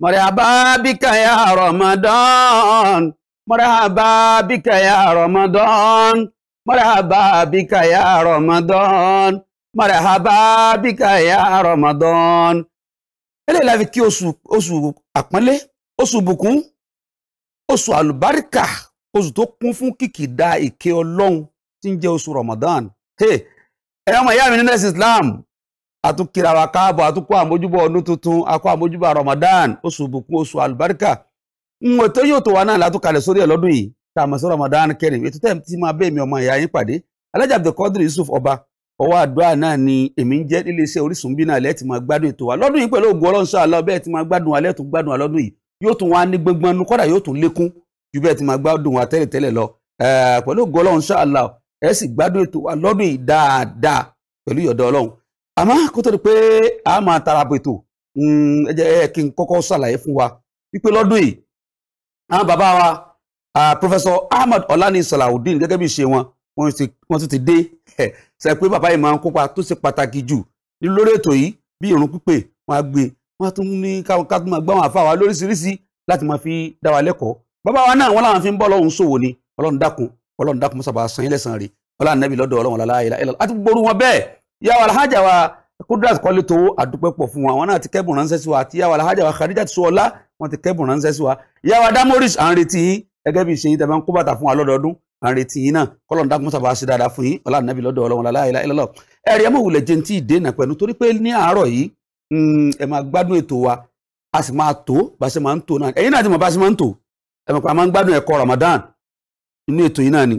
مرحبا بك ya Ramadan, مرحبا بك ya Ramadan, مرحبا بك ya Ramadan, مرحبا بك ya Ramadan. eléyìí la fi kí oṣù oṣù àpọ́nlé oṣù bùkún oṣù àlùbáríkà oṣù tó kún fún kìkìdá ìkẹ́ ọlọ́run tí ń jẹ́ oṣù Ramadan ẹ̀yọ́ ọmọ ìyá mi nínú ẹ̀sìn Islam atún kíra wa káàbọ̀ atún kó àmójúbọ̀ ọdún tuntun akó àmójúbọ̀ Ramadan oṣù bùkún oṣù àlùbáríkà ń tó yóò tó wa náà látún kalẹ̀ sórí ẹ̀ lọ́dún yìí tá a mọ̀ sí Ramadan Kareem ètò tẹ́ ti máa bẹ́ẹ̀ mi ọmọ ìyá yín pàdé Alhaji Abdulkadir Yusuf ọba ọwọ́ àdúrà náà ni èmi ń jẹ́ nílé iṣẹ́ Orísun bí náà lẹ́ẹ̀tì máa gbádùn ètò wa lọ́dún yìí pẹ̀lú ògùn Ọlọ́run ṣáàlá bẹ́ẹ̀ ti máa gbádùn alẹ́ tún gbádùn alọ́dún yìí yóò tún wá pẹ̀lú ìyọ̀dọ̀ Ọlọ́run àmọ́ kó tó di pé a máa tara bètò mm, ẹ jẹ́ kí n kọ́kọ́ ṣàlàyé fún wa wípé lọ́dún yìí àwọn bàbá wa Professor Ahmad Ọláni Salaudeen gẹ́gẹ́ bí ṣe wọn wọ́n tún ti dé ṣe pé bàbá yìí máa ń kópa tó ṣe pàtàkì jù lórí ètò yìí bí ìrun pípè wọn á gbé wọn á tún ní ká tún máa gbọ́ àwọn àfa wa lóríṣiríṣi láti máa fi dá wa lẹ́kọ̀ọ́ bàbá wa náà wọn làwọn fi ń bọ́ lọ́hùn ṣòwò ni ọlọ́run dákun ọlọ́run dákun mọ́sàbà sàn yín lẹ́sàn-án rè ọlọ́run nàbì lọ́dọ̀ ọlọ́run làlá àti gbogbo wọn bẹ́ẹ̀ yàwó alhaja wa Kudrat Kọ́lé Towó àdúpẹ́ pọ̀ fún wa àwọn náà ti kẹ́bùn ránṣẹ́ sí wa àti yàwó alhaja wa Khadija ti sọ́ọ́lá wọ́n ti kẹ́bùn ránṣẹ́ sí wa yàwó Adamoris à ń retí yín gẹ́gẹ́ bí ìṣeyín tẹ̀mẹ́ ń kó bàtà fún wa lọ́dọọdún à ń retí yín náà kọ́lọ̀ ń dákun mọ́sà bá ṣe dáadáa fún yín ọlá nàbí lọ́dọ̀ ọlọ́run la ilaha illallah ẹ̀rí ẹ̀ mọ̀ wulẹ̀ jẹ́ ti ìdènà pẹ̀lú torí pé ní àárọ̀ yìí mm, ẹ máa gbádùn ètò wa a sì máa tó bá ṣe máa ń tò náà ẹ̀yin ti mọ̀ bá ṣe máa ń tò ẹ mọ̀ pé a máa Ramadan inú ètò yìí náà ni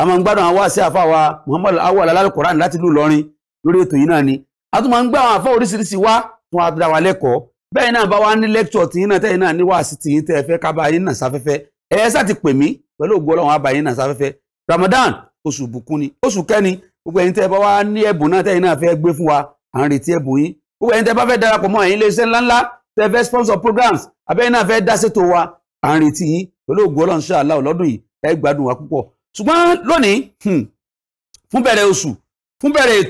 a máa ń gbádùn àwọn wáṣẹ́ àfáwà Muhammad awal alálùkùránì láti lù lọ́rin lórí ètò yìí náà ni a tún máa ń gbé àwọn àfọ oríṣiríṣi wá fún adúlá wa lẹ́kọ̀ọ́ bẹ́ẹ̀ náà bá wá ní lẹ́kítọ̀ tìyín náà tẹ́yìn náà ní wàásì tìyín tẹ́ ẹ fẹ́ ká bá yín náà sáfẹ́fẹ́ ẹ ẹ sá ti pè mí pẹ̀lú ògo Ọlọ́run á yín náà sáfẹ́fẹ́ Ramadan oṣù bùkún ni oṣù kẹ́ni gbogbo ẹ̀yin tẹ́ ẹ bá wá ní ẹ̀bùn náà tẹ́yìn náà fẹ́ gbé fún wa à ń retí ẹ̀bùn yín gbogbo ẹ̀yin tẹ́ bá fẹ́ darapọ̀ mọ́ ẹ̀yin iléeṣẹ́ ńláńlá tẹ́ fẹ́ sponsor programs abẹ́yìn náà fẹ́ dá sétò wa à ń retí yín pẹ̀lú ògo Ọlọ́run ṣáà láò lọ́dún yìí ẹ gbádùn wa púpọ̀ ṣùgbọ́n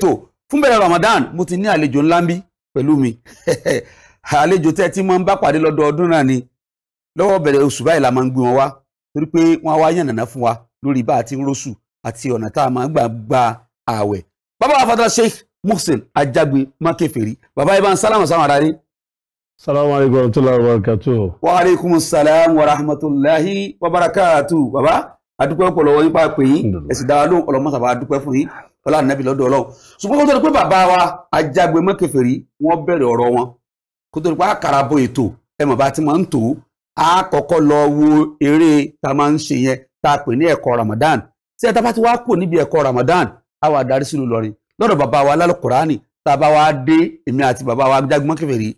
hmm, fún bẹ̀rẹ̀ Ramadan mo ti ní àlejò ńlá ń bí pẹ̀lú mi àlejò tẹ́ tí mo ń bá pàdé lọ́dọọdún náà ni lọ́wọ́ bẹ̀rẹ̀ oṣù báyìí la máa ń gbé wọn wá torí pé wọ́n á wá yànnàná fún wa lórí bá a ti ń róṣù àti ọ̀nà tá a máa gbà gba ààwẹ̀. bàbá wa fatah Sheikh Muhsin Ajagbe Makeferi bàbá ibà ń sálàmù sáwọn ará rí. salamu alaykum wa rahmatulahi wa barakatu. wa aleykum salam wa rahmatulahi wa barakatu bàbá adúpẹ́ pọ̀ lọ́wọ́ yín pa pè yín ẹ̀sìn dáwà lóhùn ọlọ́mọ ọlá ànábì lọ́dọ̀ ọlọ́run ṣùgbọ́n kó tó di pé bàbá wa ajagbe mọ́kẹfẹ̀rí wọ́n bẹ̀rẹ̀ ọ̀rọ̀ wọn kó tó di pé àkàràbọ̀ ètò ẹ mọ̀ bá ti máa ń tò á kọ́kọ́ lọ wo eré tá a máa ń ṣe yẹn tá a pè ní ẹ̀kọ́ Ramadan tí ẹ tá bá ti wá kò níbi ẹ̀kọ́ Ramadan á wà darí sínú Ìlọrin lọ́dọ̀ bàbá wa lálùkùránì tá bá wá dé èmi àti bàbá wa ajagbe mọ́kẹfẹ̀rí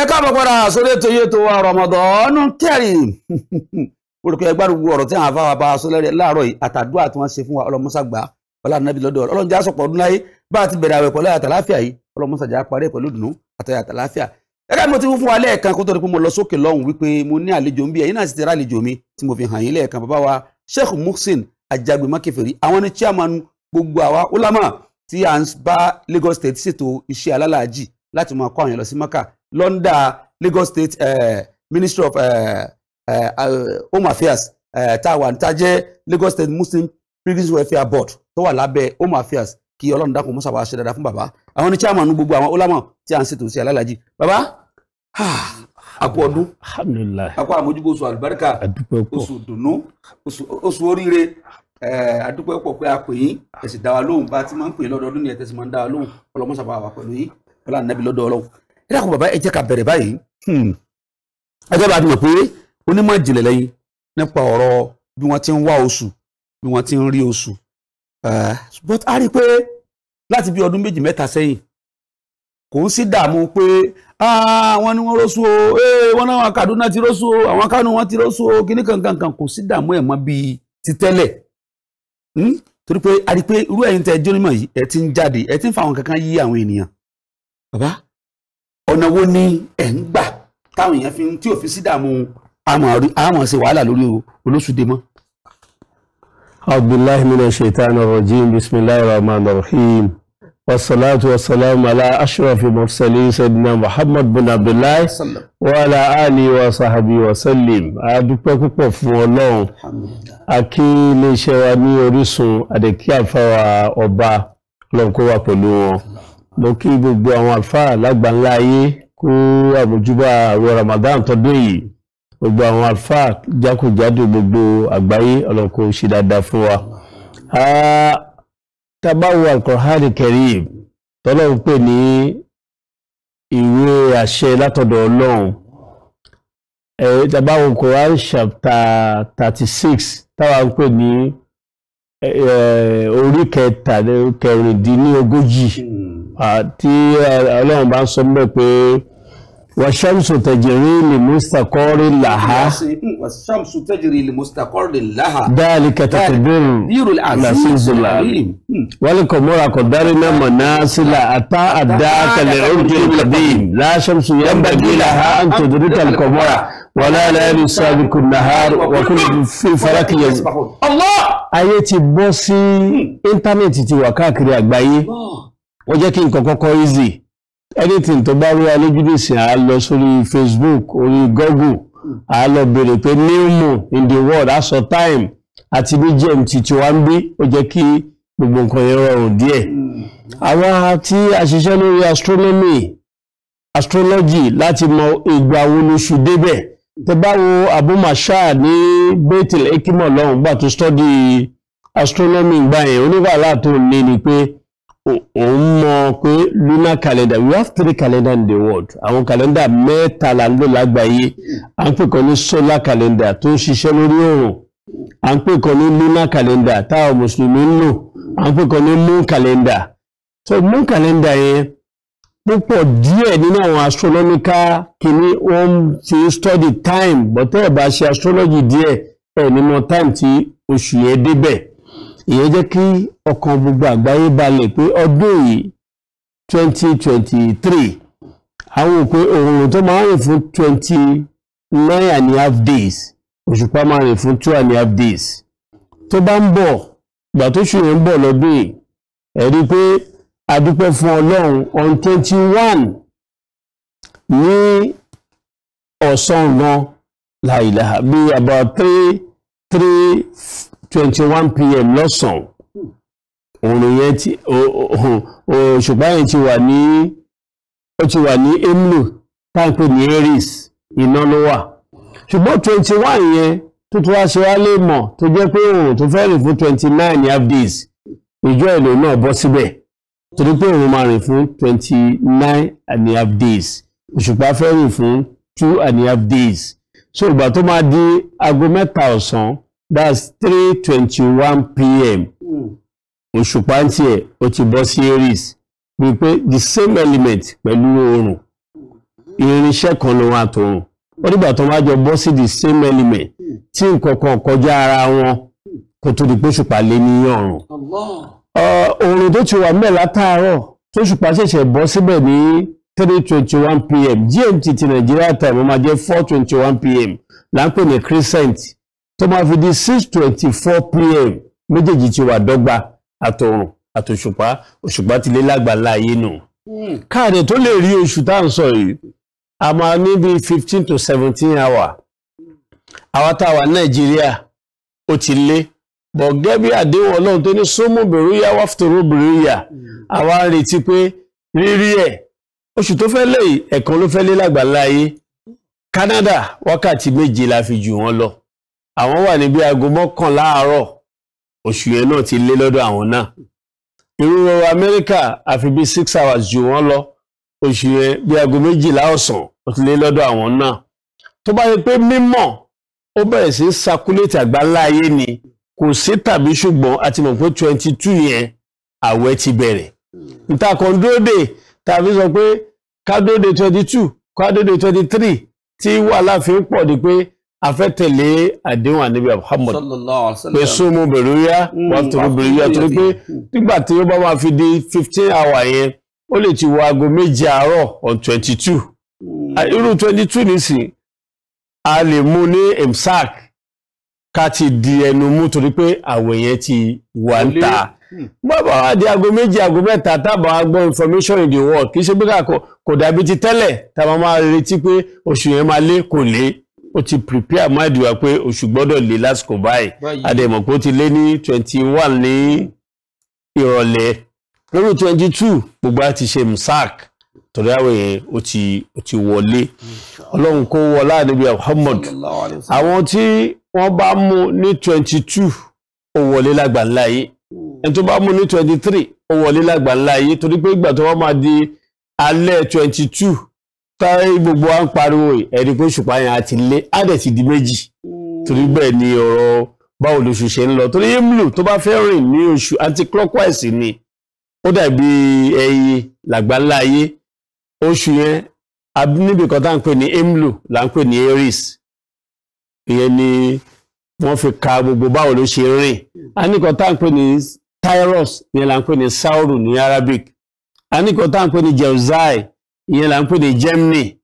ẹ káàbọ̀ padà sórí ètò yẹtò wa Ramadan Kareem mo rò pé ẹgbẹ́ gbogbo ọ̀rọ̀ tí àwọn afáwa bá aṣọ lẹ́rẹ̀ láàárọ̀ yìí àtàdúrà tí wọ́n ṣe fún wa ọlọ́mọ́sàgbà ọlọ́nàbí lọ́dọ̀ ọlọ́run já sọ̀pọ̀ ọdún láyé bá a ti bẹ̀rẹ̀ àwẹ̀ pẹ̀lú àtàláfíà yìí ọlọ́mọ́sàjà parí pẹ̀lú ìdùnnú àtàyà àtàláfíà. ẹgbẹ́ mo ti fún wa lẹ́ẹ̀kan kó tó di pé mo lọ sókè lọ́hùn wípé mo ní wa ulama tí à ń Lagos State ṣètò iṣẹ́ alálàájì láti máa kọ́ àwọn lọ sí Lagos State eh, Ministry of eh, Eh, home affairs eh, tá a wà níta jẹ́ Lagos State Muslim Pilgrims Welfare Board tó wà lábẹ́ home affairs kí ọlọ́run dákun mọ́sà wá ṣe dáadáa fún bàbá àwọn ní chairman gbogbo àwọn ọlámọ tí à ń ṣètò sí alálàájì bàbá àpò ọdún àpò àmójúgbò oṣù àlùbáríkà oṣù dùnú oṣù oríire àdúpẹ́ eh, pọ̀ pé a pè yín ẹ̀sìn dáwà lóhùn bá ti máa ń pè lọ́dọọdún ní ẹ̀tẹ̀sìn máa ń dáwà lóhùn ọlọ́mọ́sà bá wà pẹ̀lú yín ọlá nàbí lọ́dọ̀ ọlọ́run ẹ dákun bàbá ẹ jẹ́ ká bẹ̀rẹ̀ báyìí hmm. ẹ jẹ́ bá a dùn pé onímọ̀ ìjìnlẹ̀ lẹ́yìn nípa ọ̀rọ̀ bí wọ́n ti ń wá oṣù bí wọ́n ti ń rí oṣù eh, but a rí i pé láti bí ọdún méjì mẹ́ta sẹ́yìn kò ń sí dààmú pé àwọn ah, ni wọ́n róṣù o eh, wọ́n náà Kaduna ti róṣù o àwọn Kánò wọ́n ti róṣù o kíní kankan kò sí dààmú ẹ̀ mọ́ bíi ti tẹ́lẹ̀ hmm? torí pé a rí i pé irú ẹ̀yin tẹ́ jónímọ̀ yìí ẹ ti ń jáde ẹ ti ń fa àwọn kankan yí àwọn ènìyàn ọ̀nà wo ni ẹ̀ ń gbà táwọn èèyàn fi ń tí ò fi sí dààmú àmọ̀ ṣe wàhálà lórí olóṣùdé mọ́. abdullahi mina shaitan rajim bisimilahi rahman rahim wasalaatu wasalaamu ala ashrafi mursalin sayyidina muhammad bin abdullahi wa ala ali wa sahabi wa sallim a dúpẹ́ púpọ̀ fún ọlọ́run a kí iléeṣẹ́ wa ní orísun àdèkí àfáwà ọba ọlọ́run kó pẹ̀lú wọn mo kí gbogbo àwọn àfáà lágbàńlá ayé kó àmójúbà àwẹ̀ ramadan tọdún yìí gbogbo àwọn àlùfáà jákòjádò gbogbo àgbáyé ọlọ́nkó ṣe dáadáa fún wa. tabawo alkohari karim tọ́lọ́run pè ní ìwé àṣẹ látọ̀dọ̀ ọlọ́run tabawo Quran chapter ń pè ní orí hmm. ọlọ́run bá ń sọ wàṣàmùsù tẹ̀jìrì lè mustaqarri làhá. wàṣàmùsù tẹ̀jìrì lè mustaqarri làhá. dáàlì kẹtàkùbẹ̀rù làṣìṣùlà. wàlíkọ̀ mọ́ra kò dárí náà mọ̀ náà sílà àtà àdá kẹlẹ̀ ọ̀dọ́ kàbíyìn láṣàmùsù yẹn bàbí làhá ntòdúrú kàlùkọ̀ mọ́ra wàlá lẹ́nu sábìkù nàhárù wàkúlù fífarakì yẹn. ayé ti bọ́ sí hmm. íńtánẹ́ẹ̀tì ti wà káàkiri àgbáyé wọ́n jẹ́ kí nǹkan kọ́kọ́ easy anything tó bá rí alójúdèsì à lọ sórí facebook orí google à lọ béèrè pé new moon in the world aṣọ time àti bí gmt tí wá bí ó jẹ́ kí gbogbo nǹkan yẹn rọrùn díẹ̀ àwa tí a lórí astronomy astrology láti mọ ìgbà wo lóṣù débẹ̀ tẹ bá wo abúmàṣá ní bethel ekimo lọ́hùn gbà tó study astronomy gbà yẹn oníwàhálà tó ní ni pé òun mọ̀ pé lunar calendar we have three calendar in the world àwọn calendar mẹ́tàlá ló lágbàáyé à ń pè kan ní solar calendar tó ń ṣiṣẹ́ lórí oòrùn à ń pè kan ní lunar calendar táwọn mùsùlùmí ń lò à ń pè kan ní moon calendar so moon calendar yẹn púpọ̀ díẹ̀ nínú àwọn astronomical kìíní wọ́n ti study time bọ́tẹ́ ẹ̀ bá ṣe astrology díẹ̀ ẹ̀ nínú time tí oṣù yẹn débẹ̀ ìyẹn jẹ́ kí ọkàn gbogbo àgbáyé balẹ̀ pé ọdún yìí twenty àwọn òpin òòrùn tó máa ń rìn fún twenty and a half days òṣùpá máa rìn fún two and a half days tó bá ń bọ̀ ìgbà tó ṣù ń bọ̀ lọ́dún yìí ẹ i pé a dúpẹ́ fún ọlọ́run on 21. one ní ọ̀sán gan láìláha bí about three three 21 pm lọ́sàn-án òòrùn yẹn ti ṣùgbọ́n yẹn ti wà ní ó ti wà ní emlo táǹpẹ̀ ní aries iná ló wà ṣùgbọ́n twenty one yẹn tó tún wá ṣe wá lè mọ̀ tó jẹ́ pé òòrùn tó fẹ́ rìn fún twenty half days ìjọ èlò náà bọ́ síbẹ̀ torí pé òun máa rìn fún twenty nine and a half days òṣùpá fẹ́ rìn fún two and a half days so ìgbà tó máa di aago mẹ́ta ọ̀sán that's 3:21 twenty one pm hmm. òṣùpá ń tiẹ̀ ó ti bọ́ sí aries wípé the same element pẹ̀lú oòrùn irinṣẹ́ kan ló wà tó rùn ó dìgbà tó wá jọ bọ́ sí the same element hmm. tí nǹkan kan kọjá ara wọn hmm. kò tó di pé òṣùpá lé ní ọ̀run oòrùn tó ti wà mẹ́ látàárọ̀ tó ṣùpá ṣẹ̀ṣẹ̀ bọ́ síbẹ̀ ní three pm gmt ti nàìjíríà time ó máa jẹ́ four pm là ń pè ní crescent tó máa fi di six twenty four pm méjèèjì ti wà dọ́gba àtọ̀run àtòṣùpá òṣùpá ti lé lágbàlá ayé nù. Hmm. káàdì tó lè rí oṣù tá à ń sọ yìí a máa ní bíi fifteen to seventeen hour àwa tá a wà nàìjíríà ó ti lé bọ̀ gẹ́bí àdéhùn ọlọ́run tó ní sómù bèrúyà wàfùtòrò bèrúyà hmm. àwa ń retí pé rírí ẹ̀ oṣù tó fẹ́ lé ẹ̀kan ló fẹ́ lé lágbàlá ayé Canada wákàtí méje la fi jù wọ́n lọ àwọn wà ní bí aago mọ́kànlá àárọ̀ oṣù yẹn náà ti lé lọ́dọ̀ àwọn náà irú ọrọ̀ amẹ́ríkà àfi bí six hours jù wọ́n lọ oṣù yẹn bí aago méjìlá ọ̀sán ó ti lé lọ́dọ̀ àwọn náà tó bá yẹ pé mímọ̀ ó bẹ̀rẹ̀ sí sakuléètì àgbáńlá ayé ni kò sí tàbí ṣùgbọ́n a mọ̀ pé twenty two yẹn àwẹ̀ ti bẹ̀rẹ̀ ntakọ̀ndóde tàbí sọ pé kádóde twenty two kádóde twenty three tí wàhálà fi pọ̀ di pé afẹ́tẹ̀lé àdéhùn ànábì Muhammad pé súnmù bẹ̀rùyá mm, wà tóbi bẹ̀rùyá torí pé nígbà tí ó bá máa fi di fifteen hour yẹn ó lè ti wọ aago méje àárọ̀ on twenty two mm. irú twenty two nìsín a lè mú ní emsac ká ti di ẹnu mú torí pé àwẹ̀ yẹn ti wà ń ta hmm. bàbá wa di aago méje aago mẹ́ta tábà wa gbọ́ information in the world kì í ṣe pé kò dàbí ti tẹ́lẹ̀ tábà máa retí pé oṣù yẹn máa lé kò lé ó ti prepare mind wa pé oṣù gbọ́dọ̀ lè lásìkò báyìí àdèmọ̀ pé ó ti lé ní twenty one ní ìrọ̀lẹ́ lórí twenty two gbogbo a ti ṣe msak torí àwọn èèyàn ó ti ó ti wọlé ọlọ́run kó wọlá níbi Muhammad àwọn tí wọ́n bá mú ní twenty two ó wọlé lágbàńlá yìí ẹni tó bá mú ní twenty three ó wọlé lágbàńlá yìí torí pé ìgbà tó wọ́n máa di alẹ́ twenty two táyé gbogbo wa ń pariwo ẹni pé òṣùpá yẹn àti lé á dẹ̀ ti di méjì torí bẹ́ẹ̀ ni ọ̀rọ̀ báwo lóṣù ṣe ń lọ torí emlu tó bá fẹ́ rìn ní oṣù anticlockwise ni ó dàbí ẹyẹ làgbáńlá ayé oṣù yẹn níbi kan tá à ń pè ní emlu là ń pè ní aries ìyẹn ni wọ́n fi ka gbogbo báwo ló ṣe rìn a ní kan tá à ń pè ní tyros ìyẹn là ń pè ní sauru ní arabic a ní kan tá à ń pè ní jeuzai ìyẹn là ń pè ní Germany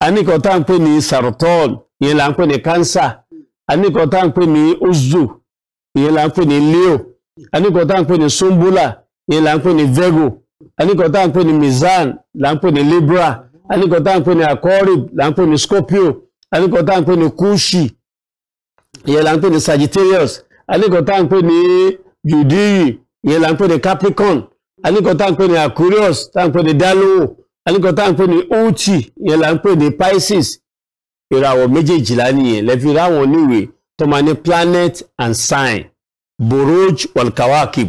anìkan tá à ń pè ní sartol ìyẹn là ń pè ní cancer anìkan tá à ń pè ní ozu ìyẹn là ń pè ní leo anìkan tá à ń pè ní sumbula ìyẹn là ń pè ní virgo anìkan tá à ń pè ní mizan là ń pè ní libra anìkan tá à ń pè ní akọrib là ń pè ní scorpio anìkan tá à ń pè ní kushi ìyẹn là ń pè ní sagittarius anìkan tá à ń pè ní judiri ìyẹn là ń pè ní capricorn anìkan tá à ń pè ní aquarius tá à ń pè ní dalowo àníkan tá à ń pè ní uchi yẹn là ń pè ní Pisces ìràwọ̀ méjèèjìlá nìyẹn lẹ́fi ráwọn oníwèé tó máa ní planet and sign boroj walkawakib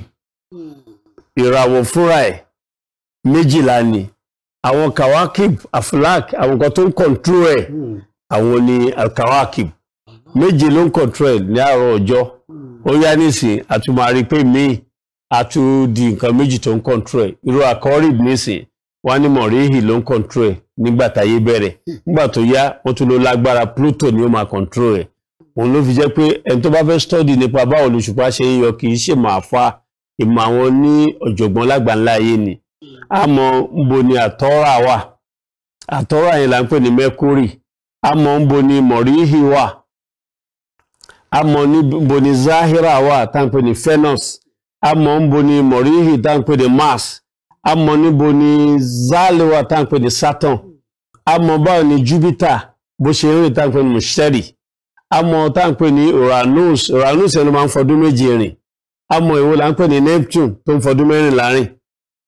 ìràwọ̀ fúnra ẹ̀ méjìlá ni àwọn kawakib aflak àwọn kan tó ń kọ̀ntró ẹ̀ àwọn ni alkawakib méje ló ń kọ̀ntró ẹ̀ ní àárọ̀ ọjọ́ ó yá nísìn àtúmọ̀ àrí pé míì nǹkan méjì tó ń kọ̀ntró ẹ̀ irú àkọ́rìb nísìn wọ́n á ní mọ̀ríhì ló ń control ẹ̀ nígbà bẹ̀rẹ̀ nígbà yá wọ́n tún Pluto ni ó máa control ẹ̀ òun ló fi jẹ́ pé ẹni tó bá fẹ́ study nípa báwo lòṣùpá ṣe ń yọ kì í ṣe máa fa ìmọ̀ àwọn ní ọ̀jọ̀gbọ́n lágbàńlá ayé ni àmọ́ níbo ni àtọ́rà wà àtọ́rà yẹn là ń pè ní mercury àmọ́ ni mọ̀ríhì wà àmọ́ ni zahira wà tá à ni mọ̀ríhì a mọ̀ níbo ni zalewa tá ń pè ní Saturn a mọ̀ báwo ni Jupiter bó ṣe ń rìn tá ń pè ní Mùsítẹ́rì a mọ̀ tá ń pè ní Uranus Uranus ẹni máa ń fọdún méje rìn a mọ̀ èwo là ń pè ní Neptune tó ń fọdún mẹ́rin láàrin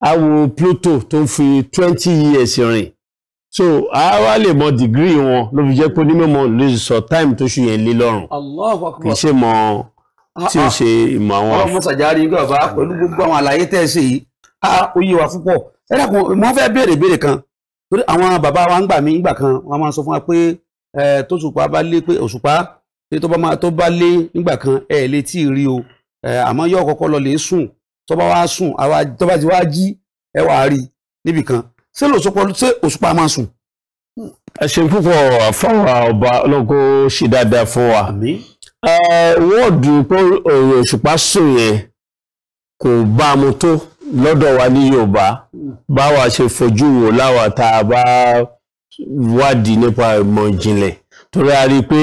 a wo Pluto tó ń fi twenty years rìn so a wá lè mọ dìgírì wọn ló fi jẹ́ pé onímọ̀ lè sọ time tó ṣù yẹn lé lọ́rùn kì í ṣe mọ ah, tí ó ah. ṣe ìmọ̀ àwọn. ọlọ́mọ sàjárí gbọ̀bá pẹ̀lú gbogbo àwọn àlàyé tẹ̀ ṣe yìí ó yé wa púpọ̀ ẹ dákun mo fẹ́ béèrè béèrè kan torí àwọn bàbá wa ń gbà mí nígbà kan wọ́n máa sọ fún wa pé tóṣùpá bá lé pé òṣùpá tó bá máa tó bá lé nígbà kan ẹ lè tí ì rí o àmọ́ yóò kọ́kọ́ lọ lè sùn tó bá wá sùn tó bá ti wá jí ẹ wàá rí níbì kan ṣé lòṣùpá ṣé òṣùpá máa sùn. ẹ ṣe púpọ̀ fáwọn ọba olóko ṣì dáadáa fún wa wọ́ọ̀dù pé òṣùpá sùn yẹn kò bá mu tó lọ́dọ̀ wa ní Yorùbá báwa ṣe fojú wò láwa tá a bá wádìí nípa ìmọ̀ ìjìnlẹ̀ torí a rí pé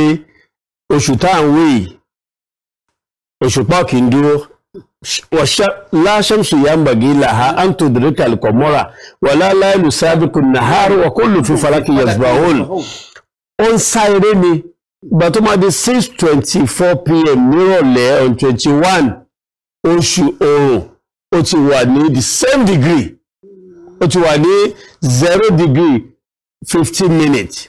oṣù tá à ń wé oṣù pọ̀ kì dúró láṣẹ́mṣù yambagi làhá an tudrika al-qamara wàlá láìlú sábìkù nàhárù wa kullu fi falaki yasbahun ó ń sá eré ni ìgbà tó máa di six twenty four pm nírọ̀lẹ́ on twenty one oṣù oòrùn ó ti wà ní the same degree ó ti wà ní zero degree fifteen minutes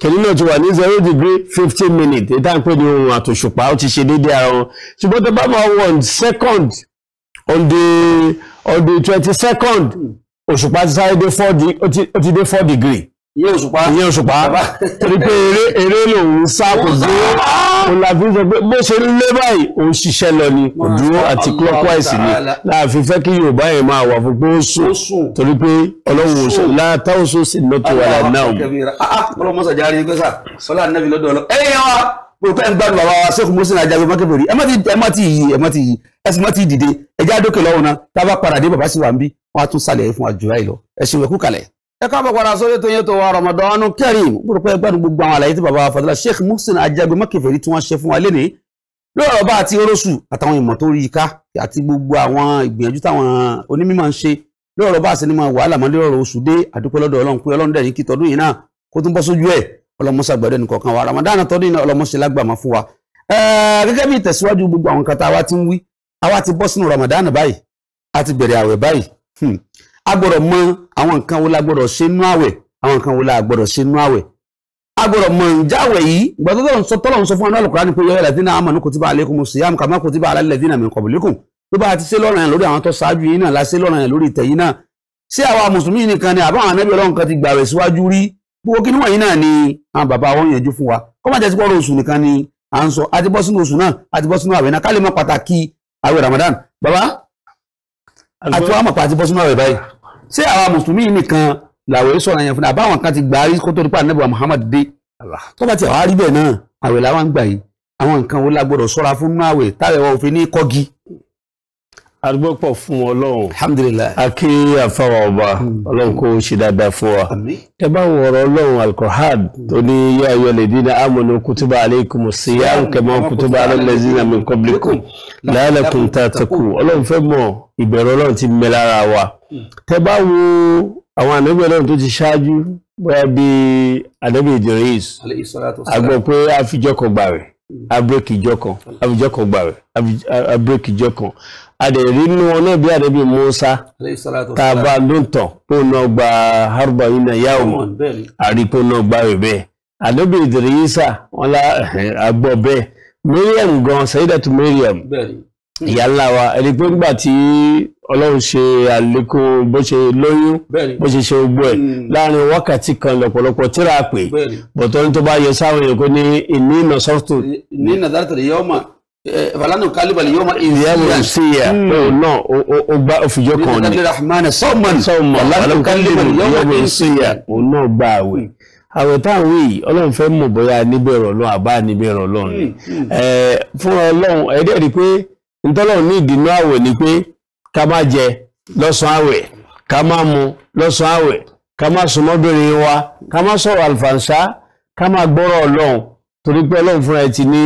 kìnní náà ti wà ní zero degree fifteen minutes èyí tá à ń pè ní ohun àtòṣùpá ó ti ṣe déédéé ara wọn ṣùgbọ́n tó bá máa wọ on second on the on the twenty second òṣùpá ti sáré dé four ó ti dé four degree ìyẹn òṣùpá ìyẹn òṣùpá torí pé eré eré lòun sá kò dúró olàfi sọ pé bó ṣe ń lé báyìí òun ṣiṣẹ́ lọ ni kò dúró àti clockwise ni láàfin fẹ́ kí yorùbá yẹn máa wà fún pé ó sùn torí pé ọlọ́run òṣù látàwọn sọ sí lọ́tọ̀ wà náà. ọlọ́run mọ́sá jáde ní pẹ́sà sọlá nàbí lọ́dọ̀ ọlọ́ ẹ̀yìn wa mo fẹ́ ń gbádùn bàbá wa sẹ́kùn mọ́sí nàjà bàbá kẹfẹ́rì ẹ má ti yí ẹ má ti yí ẹ sì má ti dìde ẹ já dókè lọ́wọ́ náà tá a bá padà dé bàbá sì wà ń bí wọ́n á tún sàlẹ̀ fún àjùwá yìí lọ ẹ ṣe wẹ̀kú kalẹ̀ ẹ káàbọ̀ padà sórí ètò yẹn tó wa Ramadan Kareem gbọ́dọ̀ pé gbádùn gbogbo àwọn àlàyé tí bàbá afadúlá Sheikh Muxin Ajagbe Makeferi tí wọ́n ṣe fún wa lénìí lórí ọba àti orósù àtàwọn ìmọ̀ tó rí i ká àti gbogbo àwọn ìgbìyànjú táwọn onímọ̀ ń ṣe lórí ọba àti onímọ̀ wàhálà mọ́ lórí oṣù dé àdúpẹ́ lọ́dọ̀ Ọlọ́run pé Ọlọ́run dẹ̀ Ramadan tọdún yìí náà ọlọmọṣẹ́ lágbàmọ́ fún wa. gẹ́gẹ́ bí ìtẹ̀síwájú gbogbo wa ti ń wí àwa Ramadan báyìí a ti bẹ̀rẹ̀ àwẹ̀ a gbọ́dọ̀ mọ àwọn nǹkan wo la gbọ́dọ̀ ṣe nú àwẹ̀ àwọn nǹkan wo la gbọ́dọ̀ ṣe nú àwẹ̀ a gbọ́dọ̀ mọ ìjáwẹ̀ yìí ìgbà tó tọ́lọ̀ ń sọ tọ́lọ̀ ń sọ fún wa ní Al-Qur'ani pé yọ̀ọ́ lẹ́dínà àmọ́ ní kutiba alaykumu siyam kama kutiba alal ladina min qablikum tó bá ti ṣe lọ́ràn yẹn lórí àwọn tó ṣáájú yìí náà la ṣe lọ́ràn yẹn lórí ìtẹ̀yìn náà ṣé àwa mùsùlùmí nìkan ni àbáwọn anábì ọlọ́run kan ti gbààwẹ̀ síwájú rí gbogbo kí níwọ̀nyí náà ni àwọn bàbá wọn yànjú fún wa kọ́ má jẹ́ sípò oṣù nìkan ni à ń sọ àti bọ́ sínú oṣù náà àti bọ́ sínú àwẹ̀ náà ká lè pàtàkì àwẹ̀ Ramadan bàbá àti wàá mọ̀ pàtàkì bọ́ sínú àwẹ̀ báyìí ṣé àwa mùsùlùmí nìkan làwẹ̀ sọ̀rọ̀ yẹn fún un àbáwọn kan ti gbà á rí kó tó nípa ànábì Muhammad dé tó bá ti àwa rí bẹ́ẹ̀ náà àwẹ̀ làwọn gbà yìí àwọn nǹkan wo la gbọ́dọ̀ sọ́ra fún náà àwẹ̀ táwẹ̀ wọn fi ní kọ́gi adúgbòpọ̀ fún ọlọ́run alhamdulilayi akí àfáwà ọba ọlọ́run kó ṣe dáadáa fún wa ẹ bá wọ ọ̀rọ̀ ọlọ́run alkohad tó ní yá ayọ̀ lè dínà amọ̀nà kútúbà aleikum siyam kama kútúbà alẹ́lẹ́sìn min qablikum la'allakum tattaqun ọlọ́run fẹ́ mọ̀ ìbẹ̀rù ọlọ́run ti mẹ́ lára wa hmm. tẹ bá wo àwọn ànábì ọlọ́run tó ti ṣáájú bóyá bíi ànábì Idris agbọ̀ pé àfijọ́kọ̀ gbà abiriki ìjọ kan abijọ kan a abiriki ìjọ kan adẹ̀rí nínú wọn náà bí adẹ́bí Musa tá a bá ló ń tàn pé ó gba harba yìí náà yá òun àrí pé ó náà gbààwẹ̀ bẹ́ẹ̀ adẹ́bí Ìdírísà wọn lá agbọ́ bẹ́ẹ̀ Mariam gan sayidatu Mariam ìyá ńlá wa ẹni pé ńgbà tí ọlọ́run ṣe àlékún bó ṣe lóyún bó ṣe ṣe gbogbo ẹ̀ hmm. láàrin wákàtí kan lọ́pọ̀lọpọ̀ tíra pé bọ̀tọ́ ní tó bá yẹ sáwọn èèyàn kó ní ìní ìnà sọ́tò. ní nàdàtà lè yọmọ falanu kalibali yọmọ ìyàwó ìsìyà náà ó gbá òfìjọ kan ní. nígbà rahman sọ́ọ̀mọ̀n àwẹ̀ hmm. táwọn yìí ọlọ́run fẹ́ mọ̀ bóyá níbẹ̀rẹ̀ ọlọ́run àbá níbẹ̀rẹ̀ ọlọ́run hmm. fúnra ọlọ́run ẹ̀ẹ́dẹ́rì pé ntọ́lọ́run ní ìdínú àwẹ̀ ni pé ká má jẹ lọ́sàn-án àwẹ̀ ká má mu lọ́sàn-án àwẹ̀ ká má súnmọ́bìnrin wa ká má sọ̀rọ̀ àlùfànṣá ká má gbọ́rọ̀ ọlọ́run torí pé ọlọ́run fúnra ẹ̀ ti ní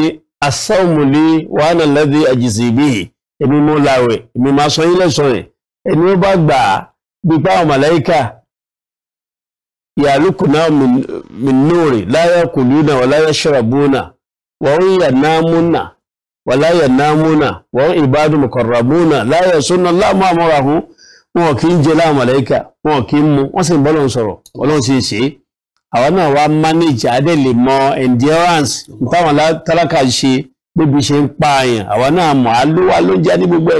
asáwùmùlí wàhánà lẹ́dí àjèsì bíi èmi mo làwẹ̀ èmi máa sọ yín lẹ́sàn rẹ̀ ẹni ó bá gbà á bí pa àwọn màláìkà ìyàlùkù náà mìnúrì láyà kùlù náà wọ́n láyà ṣọ̀rọ̀ bú wọ́n ń yà náà mú wala yanamuna wa ibadu mukarramuna la yasunna allah ma amarahu wọn kì í jẹ láwọn màláíkà wọn kì í mu wọn sì ń bọ́lọ̀ sọ̀rọ̀ ọlọ́run sì ṣe é àwọn náà adélè mọ endurance tálákà ṣe bíbi àwọn náà ló ń já ní gbogbo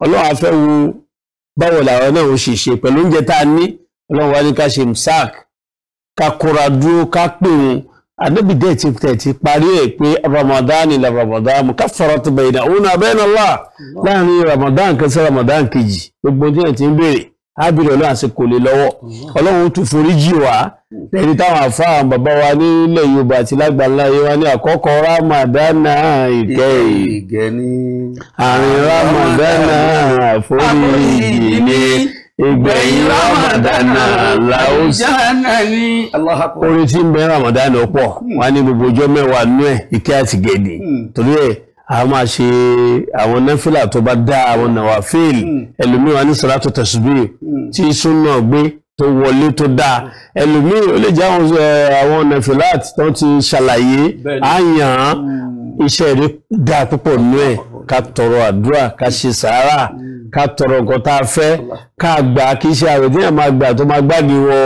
wo báwo làwọn náà ànábì dẹ́ ti tẹ̀ ti parí ẹ̀ pé ramadan ni ramadan mo ká fọ̀rọ̀ tó bẹ̀yìn náà òun abẹ́ náà wà láàrin ramadan kan sí ramadan kejì gbogbo tí wọ́n ti ń béèrè ábìrì ọlọ́run àti kò lè lọ́wọ́ ọlọ́run tún forí jì wá hmm. lẹ́ni táwọn àfáà bàbá wa nílẹ̀ yorùbá àti lágbàlá yìí wá ní àkọ́kọ́ ramadana ìkẹ́ ìgẹ́ ní àárín ramadana àforíjì ní ìgbẹ̀yìn ramadana laos orin tí ń bẹ ramadana pọ̀ hmm. wá ní gbogbo ọjọ́ mẹ́wàá nú ẹ̀ ìkẹ́ àti gẹ̀dẹ̀ hmm. torí ẹ̀ a máa ṣe àwọn náfìlà tó bá dá àwọn nàwà fíìlì hmm. ẹlòmíràn ní sàrátù tẹ̀sùbí tí súnà gbé tó wọlé tó dáa ẹlòmíràn ó lè jẹ́ àwọn nàfìlà tó ti ṣàlàyé àyàn iṣẹ́ rẹ̀ dáa púpọ̀ nú ẹ̀ ká tọrọ àdúrà ká ṣe sàárà mm. ká tọrọ nǹkan tá a fẹ́ ká gbà kí iṣẹ́ àwẹ̀ tí yàn máa gbà tó máa gbági wọ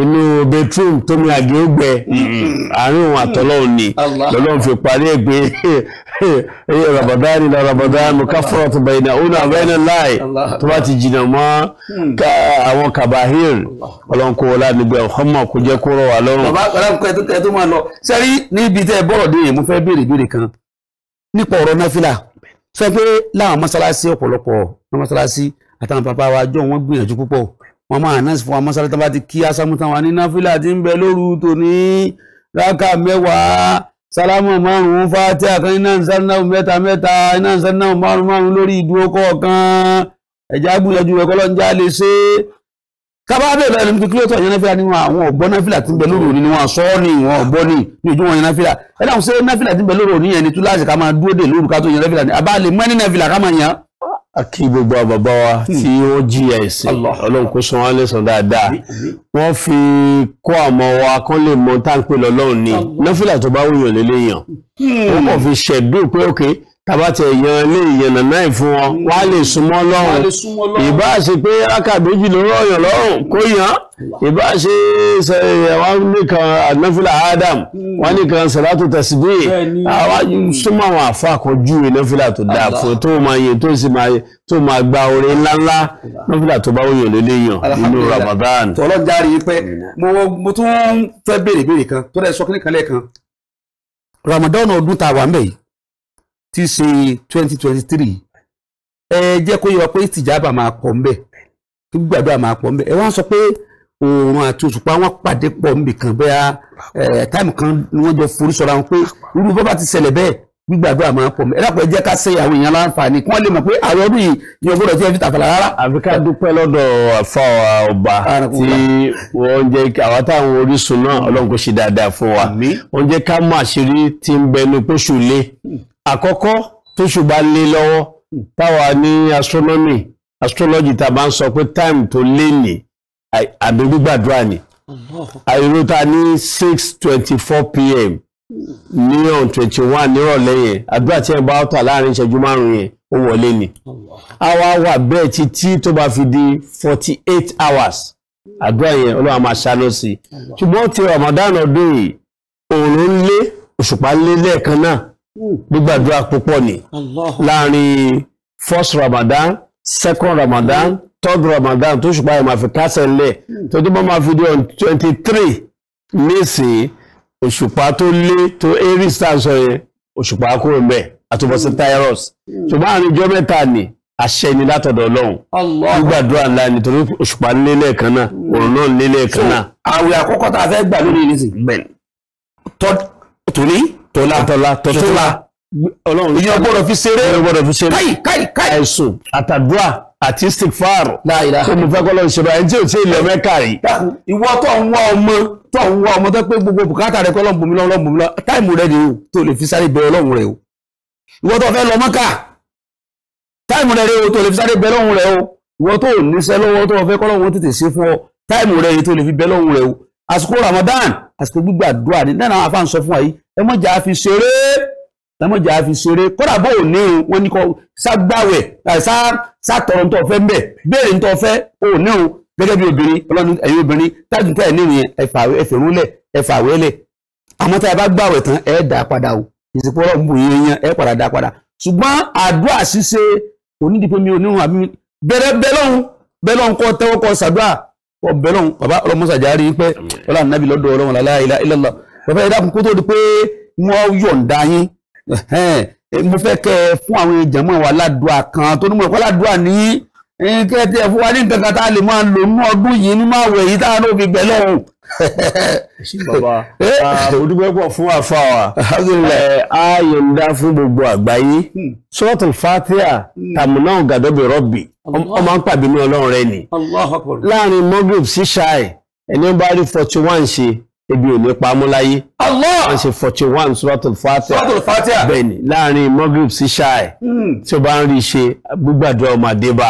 inú bedroom tómi àgé ó gbẹ mm. àárín òun àtọlọ́run ni lọ́lọ́run fi parí ẹ̀ pé ẹyẹ Ramadan ni Ramadan mo ká fọrọ tó bẹyìn náà òun àbẹ náà láì tó bá ti jìnnà mọ́ mm. àwọn kabahir Ọlọ́run kó wọlé àdúgbò ọmọ kó jẹ kó rọ wà lọ́rùn. bàbá ọlọ́run kẹ tó máa lọ sẹ́rí níbi tẹ́ bọ́ọ̀dù yẹn mo fẹ́ béèrè béèrè kan nípa ọ̀rọ̀ náfìlà sọ pé láwọn mọ́sálásí ọ̀pọ̀lọpọ̀ mọ́sálásí àtàwọn bàbá wa jọ wọ́n gbìyànjú púpọ̀ wọ́n máa náà fún wa mọ́sálásí tábà ti kí asámú táwọn ní náfìlà ti ń bẹ lóru tòní rákà mẹ́wàá sálámù márùn-ún fàtí àkàn iná ìsánáwó mẹ́ta mẹ́ta iná ìsánáwó márùn-ún márùn-ún lórí ìdúró kọ̀ọ̀kan ẹ̀já gbìyànjú rẹ̀ kọ́lọ́ tábàbẹ̀ lọ́yìn ní kílótọ̀ yẹn náfìlà ni wọn àwọn ọ̀gbọ́n náfìlà ti ń bẹ lóru òní ni wọn sọ ọ́ ní ìwọ̀n ọ̀gbọ́n ní ní ojú wọn yẹn náfìlà ẹ dáhùn sí náfìlà ti ń bẹ lóru òní yẹn ni túláàsì ká máa dúró dè lóru ká tó yẹn náfìlà ni àbá lè mọ́ ní náfìlà ká máa yàn. a kí gbogbo àbàbà wa tí hmm. wọ́n jìyà ẹ̀sìn ọlọ́run kó san wọn lẹ́san dáadáa wọ́n fi kó àmọ́ wa kán lè mọ táǹpẹ́ lọ́lọ́run ni náfìlà tó bá wúyàn lélẹ́yàn hmm. wọ́n kàn fi ṣẹ̀dún pé ókè tàbátẹ̀ èèyàn lè yànnà náà fún wọn wá lè súnmọ́ lọ́rùn ìbá ṣe pé rákà méjì ló rọ̀yàn lọ́rùn kó yàn ìbá ṣe wọ́n nìkan ànáfílà adam wọ́n nìkan sàlátù tẹ̀síbí àwọn súnmọ́ àwọn àfàkọ́jú ìnáfílà tó dáa fún tó máa yẹ tó sì máa gba orin ńláńlá náfílà tó bá wòyàn ló léyàn nínú Ramadan. tọ́lọ́ járe pé mo tún fẹ́ béèrè béèrè kan tó dẹ̀ Ramadan ọdún tá ti ṣe twenty twenty three ẹ jẹ́ kó yé wa pé tìjàbà máa pọ̀ ńbẹ̀ kí gbàdúrà máa pọ̀ ńbẹ̀ ẹ wá sọ pé oòrùn àti òṣùpá wọn pàdé pọ̀ níbì kan bẹ́ẹ̀ ẹ táìmù kan ni wọ́n jọ forí sọra wọn pé irú bọ́bá ti ṣẹlẹ̀ bẹ́ẹ̀ gbígbàdúrà máa pọ̀ mí ẹ dàpọ̀ ẹ jẹ́ ká ṣe àwọn èèyàn láǹfààní kí wọ́n lè mọ̀ pé àwọn ọdún yìí ni ọgbọ́dọ̀ tí fi tàfàlà rárá. àfi dúpẹ́ lọ́dọ̀ àkọ́kọ́ tó ṣùgbà lé lọ́wọ́ táwa ní astronomy astrology tá a bá ń sọ pé time tó lé ní àbí gbígbàdúrà ni àìró ní six twenty four pm ní on twenty one nírọ̀lẹ́ yẹn àdúrà tí ẹ bá tà láàrin ìṣẹ́jú márùn-ún yẹn ó wọlé ni àwa wà bẹ́ẹ̀ títí tó bá fi di forty eight hours àdúrà yẹn Ọlọ́run a máa ṣáná sí i ṣùgbọ́n ti Ramadan ọdún yìí òòrùn ń lé òṣùpá ń lé lẹ́ẹ̀kan náà gbígbàdúrà púpọ̀ ni láàrin first Ramadan second Ramadan hmm. third Ramadan tó ṣùpá ẹ̀ máa fi kásẹ̀ ńlẹ̀ hmm. tó tó bá máa fi di on twenty three nísìnyí òṣùpá tó lé tó aries tá a sọ yẹn òṣùpá kúrò mbẹ̀ àtúbọ̀sí hmm. Taurus ṣùgbọ́n àrùn ìjọ mẹ́ta ni àṣẹ ni látọ̀dọ̀ ọlọ́run gbígbàdúrà ńlá ni torí òṣùpá nílé lẹ́ẹ̀kan náà òrùn náà nílé lẹ́ẹ̀kan náà. àwẹ̀ àkọ́kọ́ tá a fẹ́ gbà lórí ìrísí bẹ́ẹ̀ torí tọ́lá tọ́lá tọ́tọ́lá ọlọ́run ìyẹn gbọ́dọ̀ fi ṣeré gbọ́dọ̀ fi ṣeré káì káì káì àìsùn àtàdúrà àti istikfaro tó mo fẹ́ kọ́lọ́ ìṣẹ̀bá ẹni tí ò tí ì lọ mẹ́ka yìí. ìwọ tó ń wá ọmọ tó ń wá ọmọ tó pé gbogbo bùkátà rẹ kọ́ lọ́nbùnmi lọ́nbùnmi lọ táìmù rẹ nìyó tó lè fi sáré bẹ ọlọ́run rẹ o ìwọ tó fẹ́ lọ mọ́kà táìmù rẹ o tó lè fi sáré bẹ ọlọ́run rẹ o ìwọ tó níṣẹ́ lọ́wọ́ tó fẹ́ kọ́lọ́run tètè ṣe fún ọ táìmù rẹ yìí tó lè fi bẹ ọlọ́run rẹ àsìkò Ramadan àsìkò gbígbàdúrà ní náà àwọn afáàn sọ fún wa yìí ẹ mọ̀jà àfi ṣeré ẹ mọ̀jà àfi ṣeré kódà bó ò ní o wọn ní kọ ságbàwẹ̀ sátọrọ ntọ́ fẹ́ mbẹ̀ béèrè ntọ́ fẹ́ ò ní o gẹ́gẹ́ bí obìnrin ọlọ́run ẹ̀yin obìnrin tájú tẹ́ ẹ̀ ní ìyẹn ẹ̀fẹ̀rúnlẹ̀ ẹ̀fàwẹ́lẹ̀ àmọ́ tá ẹ bá gbàwẹ̀ tán ẹ̀ dá padà o ìsìnkú ọlọ́run bù yín yẹn ẹ̀ padà dá padà ṣùgbọ́n àdúrà ṣíṣe onídìpẹ́mi onírun àbí bẹ̀rẹ̀ ọbẹ̀ lọ́hùn bàbá ọlọ́mọsàjárí pé ọlá nàbí lọ́dọ̀ ọlọ́run aláìlá ilẹ̀lá bàbá ẹ̀dá kún kó tó di pé wọ́n yọ̀ǹda yín mo fẹ́ kẹ́ ẹ fún àwọn ìjàmọ́ wa ládùá kan tó ní mọ̀ pé ládùá ìkẹ́ tí ẹ̀ fún wa ní nǹkan kan tá a lè máa lò nínú ọdún yìí nínú àwẹ̀ yìí tá a náà fi gbẹ lọ́hùn. ṣé bàbá eh? ah, olùgbẹ́ pọ̀ fún àfa wa eh, a yọ̀ǹda fún gbogbo àgbáyé sọ́ọ̀tún fatia tàmùnà ọ̀gàdọ́bẹ̀ rọ́bì ọmọ ń pàbínú ọlọ́run rẹ ni láàrin mọ́gìrì sí ṣáì ẹni ó bá rí forty one ṣe ebi ò ní pamọ́ láyé. Allah wọ́n ṣe forty one suratul fatiha suratul fatiha bẹ́ẹ̀ ni láàrin magrib sí ṣáì hmm. tí o bá ń rí i ṣe gbígbàdúrà ọmọ àdébà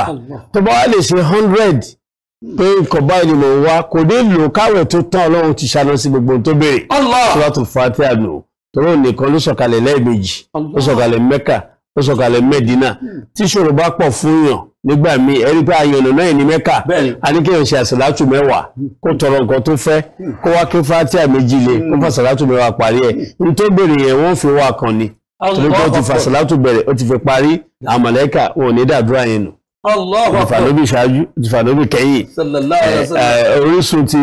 tó bá wà lè ṣe hundred pé nǹkan báyìí ni mò ń wá kò ní lò káwẹ̀ tó tán ọlọ́run ti ṣáná sí gbogbo tó béèrè suratul fatiha nù tọ́lọ́ nìkan ló sọ̀kalẹ̀ lẹ́ẹ̀mejì ló sọ̀kalẹ̀ mẹ́kà ló sọ̀kalẹ̀ mẹ́dínà hmm. tí ìṣòro bá pọ̀ fún yàn nígbà míì ẹni pé àyànnà náà ní mẹ́kà àníkéyàn ṣe àṣàlátù mẹ́wàá kó tọrọ nǹkan tó fẹ́ kó wá kí fatia méjì lé kó hmm. fàṣàlátù mẹ́wàá parí ẹ̀ ní tó béèrè yẹn wọ́n fi wá kan ni torí pé ó ti fàṣàlátù bẹ̀rẹ̀ ó ti fi parí àmọ̀lẹ́kà wọn ò ní dàdúrà yẹn nù. ìfànóbì ṣáájú ìfànóbì kẹ́yìn orísun tí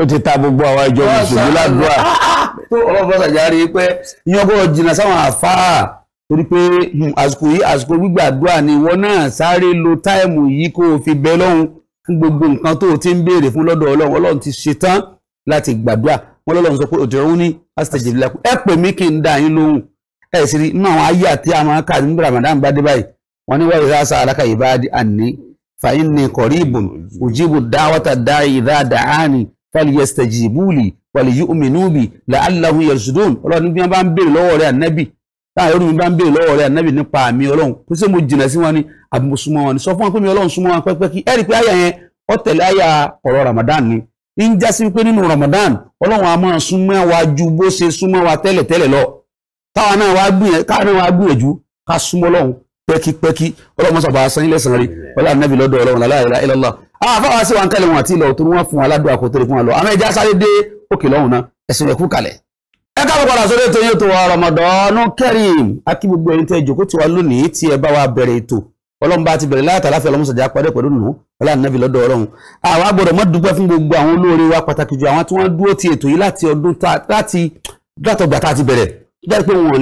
ó ti ta gbogbo àwọn ìjọ mùsùlùmí ládùúrà. Ah, ah, ah. tó ọlọ́pàá torí pé hmm, àsìkò yìí àsìkò gbígbàdúrà ni ìwọ náà sáré lo táìmù yìí kó o fi bẹ lọ́hùn fún gbogbo nǹkan tó o ti ń béèrè fún lọ́dọ̀ ọlọ́run ọlọ́run ti ṣetán láti gbàdúrà wọn lọ́lọ́run sọ pé òjò òun ní astage ìlà ẹ pè mí kí n dá yín lóhùn ẹ sì rí inú àwọn ayé àti àwọn aká ní Ramadan bá dé báyìí wọn ní wàá ìrásá aláka ìbáàdì àní fàyín ní kọrí ìbùn òjìbù dáwọ́tà dá ìdá dàáni fàlìyẹsítẹ̀jì ìbúlì wàlìyí omi núbì làálàhùn yẹrùsùdùn ọlọ́run bí wọ́n bá ń béèrè lọ́wọ́ rẹ̀ ànábì táà lórí mi bá ń béèrè lọ́wọ́ rẹ̀ ànábì nípa àmì ọlọ́run kò sí mo jìnà sí wọn ni àbí mo súnmọ́ wọn ni sọ fún wọn pé mi ọlọ́run súnmọ́ wọn pẹ́pẹ́ kí ẹ̀rí pé àyà yẹn ó tẹ̀lé àyà ọ̀rọ̀ Ramadan ni ń já sí pé nínú Ramadan ọlọ́run a máa súnmọ́ wa ju bó ṣe súnmọ́ wa tẹ́lẹ̀ tẹ́lẹ̀ lọ táwa náà wá gbìyànjú ká súnmọ́ ọlọ́run pẹ́kípẹ́kí ọlọ́run sọ̀bà asan ilẹ̀ sàn rí ọlá nàbì lọ́dọ̀ ọlọ́run aláìlá ilọ́lá àfáwá sí wa ń kálẹ̀ wọn àti ìlọ̀ tó ní wọ́n fún wa ládùn àkótó rẹ̀ fún ẹ káàbọ̀ padà sórí ètò yìí tó wà Ramadan Kareem akí gbogbo ẹni tẹ́ jókòó tiwa lónìí tí ẹ bá wa bẹ̀rẹ̀ ètò ọlọ́run bá ti bẹ̀rẹ̀ láyàtà láfẹ́ ọlọ́mọsàjà pàdé pẹ̀lú nù ọlànàbí lọ́dọ̀ ọlọ́run àwa gbọ́dọ̀ mọ́ dúpẹ́ fún gbogbo àwọn olóore wa pàtàkì jù àwọn tí wọ́n dúró ti ètò yìí láti ọdún láti látọgbà tá a ti bẹ̀rẹ̀ dájú pé wọn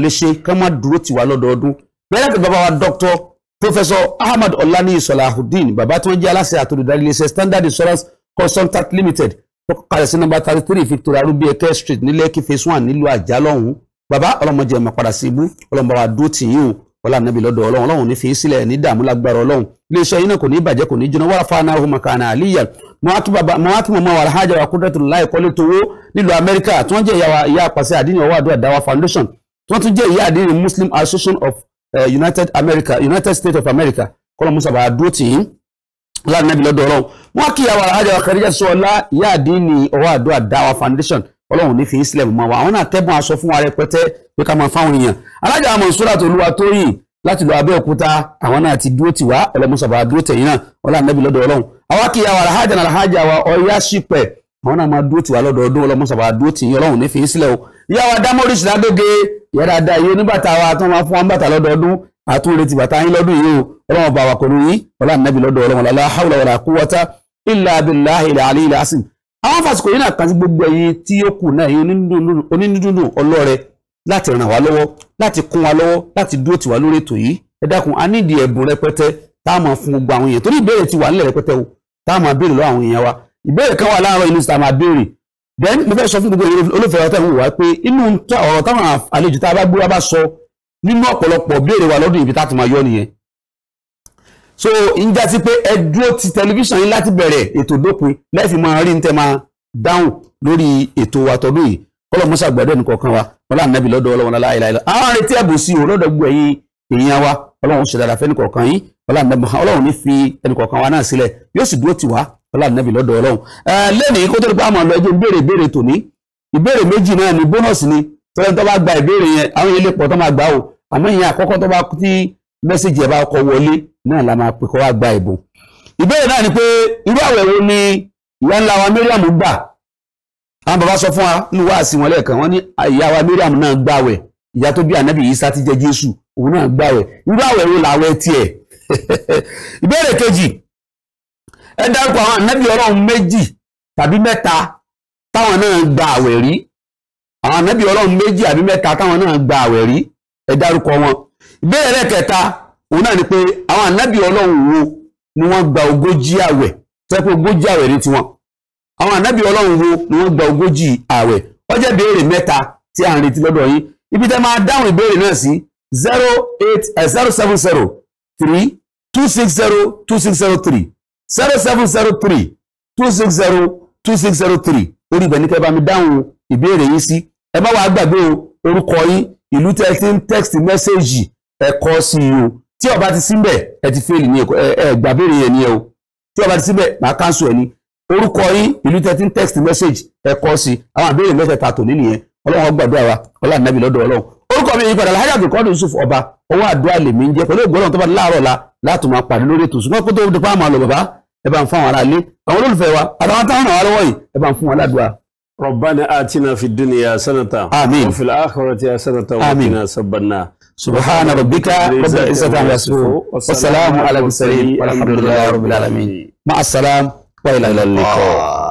lè wa Dr. Professor Ahmad Olani Salahuddin bàbá tí wọ́n jẹ́ aláṣẹ àtòlùdarí iléeṣẹ́ Standard Insurance Consultant Limited wọ́n kalẹ̀ sí nọ́mbà thirty three Victoria Rubieke street ní Lekki phase one nílùú Àjà lọ́hùn baba ọlọ́mọdé ẹ̀mọ̀ padà sí ibú ọlọ́mọba wa dúró tì yín o ọlá nàbí lọ́dọ̀ ọlọ́run ọlọ́run ní fi sílẹ̀ ní dààmú lágbára ọlọ́run iléeṣẹ́ yín náà kò ní bàjẹ́ kò ní jóná wàrà fáwọn anáhùn makana àlíyà mo wá tún mọ̀ mọ́ alhaja wa kúndẹ́tù láì kọ́lé towó nílùú Amẹ́ríkà tí wọ́n jẹ́ ìyá àpàṣẹ àdínní ọwọ́ àdúrà dáwà foundation tí wọ́n tún jẹ́ ìyá àdínní Muslim Association of eh, United America United States of America kọ́lọ́ musa bàá tì yín láti nàbí lọ́dọ̀ ọlọ́run wọ́n kí àwọn alájà wa Khadija sọ ọlá ìyá àdínní ọwọ́ àdúrà dáwà foundation ọlọ́run ní fi islam mọ́ wa àwọn náà tẹ́bùn aṣọ fún wa rẹpẹtẹ pé ká máa fáwọn èèyàn alájà wa Mansurat Olúwatóyìn láti lọ Abẹ́òkúta àwọn náà ti dúró tiwa ọlọ́mọṣàbà dúró tẹ̀yìn náà ọlá nàbí lọ́dọ̀ ọlọ́run àwọn kí àwọn alájà náà alájà wa ọyá ṣìpẹ̀ àwọn náà máa dúró tiwa lọ́dọọdún ọlọ́mọṣàbà dúró tẹ̀yìn ọlọ́run ní fi islam ìyá wa Dámọ́rìṣì Ládóge ìyá dáadáa yìí oníbàtà wa tó fún wa ń bàtà lọ́dọọdún àtúnrẹ́tì bàtà yín lọ́dún yìí o ọlọ́run bá wa kò ní yín wọlé ànábì lọ́dọ̀ ọlọ́run lálẹ́ àhàwùlà wàlà quwwata illa billahi ilẹ̀ àlẹ́ ilẹ̀ asin. àwọn fàṣikò yìí náà kan sí gbogbo ẹ̀yin tí ó kù náà onídùúdù ọlọ́rẹ láti ràn wá lọ́wọ́ láti kún wa lọ́wọ́ láti dúró tiwa lórí ètò yìí ẹ dákun a ní ìdí ẹ̀bùn rẹpẹtẹ táàmù fún gbogbo àwọn èèyàn torí ìbéèrè ti wà nílẹ̀ rẹpẹtẹ o táàmù abéèrè lọ́wọ́ àwọn èèyàn wa ìbéèrè kan wà láàárọ̀ inú sàmà béèrè then mo fẹ́ sọ fún gbogbo olófẹ́ ọ̀tẹ̀ ń wò pé inú ọ̀rọ̀ táwọn àlejò tá a bá gbé bá sọ nínú ọ̀pọ̀lọpọ̀ béèrè wa lọ́dún ibi tá a ti máa yọ nìyẹn so ń já sí pé ẹ dúró ti tẹlifíṣàn yín láti bẹ̀rẹ̀ ètò dópin lẹ́fì máa rí tẹ́ máa dáhùn lórí ètò wa tọdún yìí kọ́lọ̀ mọ́sá gbàdúrà nìkọ̀ọ̀kan wa wọn láà nẹ́bi lọ́dọ̀ ọlọ́wọ́n láàyè láàyè àwọn arìntí ẹ̀bùn sí òun lọ́dọ̀ gbogbo ẹ̀yin èèyàn wa ọlọ́run ṣe fẹ́ nìkọ̀ọ̀kan yín ọlọ́run wa náà sílẹ̀ yóò sì nẹ́bi lọ́dọ̀ ọlọ́run. lẹ́nìí kó ni bónọ́ọ̀sì ni tọ́lá tó bá gba ìbéèrè yẹn àwọn ilé pọ̀ tó máa gbà ó àmọ́ ìyẹn àkọ́kọ́ tó bá tí mẹ́sẹ̀jì ẹ̀ bá náà la máa pè kó wá gba ìbùn ìbéèrè náà ni pé irú àwẹ̀ wo ni ìyá ńlá wa Mariam gbà àwọn bàbá sọ fún wa nínú wáàsí wọn lẹ́ẹ̀kan wọ́n ní ìyá wa Mariam náà gbàwẹ̀ ìyá tó bí ànábì Ìsá ti jẹ Jésù òun náà gbàwẹ̀ irú àwẹ̀ wo làwẹ̀ tiẹ̀ ìbéèrè kejì ẹ dárúkọ àwọn ànábì Ọlọ́run méjì tàbí mẹ́ta táwọn náà gba àwẹ̀ rí àwọn ànábì Ọlọ́run méjì àbí mẹ́ta táwọn náà gba àwẹ̀ rí ẹ dárúkọ wọn ìbéèrè kẹta òun náà ni pé àwọn ànábì ọlọ́run wo ni wọ́n gba ogójì àwẹ̀ tẹ́pẹ́ ogójì àwẹ̀ ní tiwọn àwọn ànábì ọlọ́run wo ni wọ́n gba ogójì àwẹ̀ wọ́n jẹ́ béèrè mẹ́ta tí à ń retí lọ́dọ̀ yín ibi tẹ́ máa dáhùn ìbéèrè náà sí zero eight eh, zero seven zero three two six zero two six zero three zero seven zero three two six zero two six zero three orí ibẹ̀ ní kẹ́ bá mi dáhùn ìbéèrè yín sí ẹ má wàá gbàgbé orúkọ yín ìlú tẹ́ ti ń text message ẹ kọ sí i o tí ọba ti síbẹ̀ ẹ ti fẹ́ẹ̀lì ní ẹ gbàbéèrè yẹn ni ẹ o tí ọba ti síbẹ̀ máa káńsù ẹ ní orúkọ yín ìlú tẹ́tí ń text message ẹ kọ sí àwọn àbẹ̀rẹ̀ mẹ́tẹ̀ẹ̀ta tòní nìyẹn ọlọ́run gbàdúrà wa ọlọ́run nàbì lọ́dọ̀ ọlọ́run orúkọ mi yìí padà láhàjà àbùkọ́dù Yusuf ọba ọwọ́ àdúrà lèmi ń jẹ́ pẹ̀lú ògbọ́n tó bá láàárọ̀ la láti máa pàdé lórí ètò ṣùgbọ́n kó tó di fáwọn àlọ́ bàbá ẹ bá ń fáwọn ará ilé àwọn olólùfẹ́ wa àtàwọn táwọn àwọn alọ́wọ́ yìí ẹ bá ń fún wọn ládùúrà. Rabbana atina fid dunya hasanatan wa fil akhirati hasanatan wa qina azabannar سبحان ربك رب العزة عما يصفون والسلام على المرسلين والحمد لله رب العالمين مع السلام وإلى اللقاء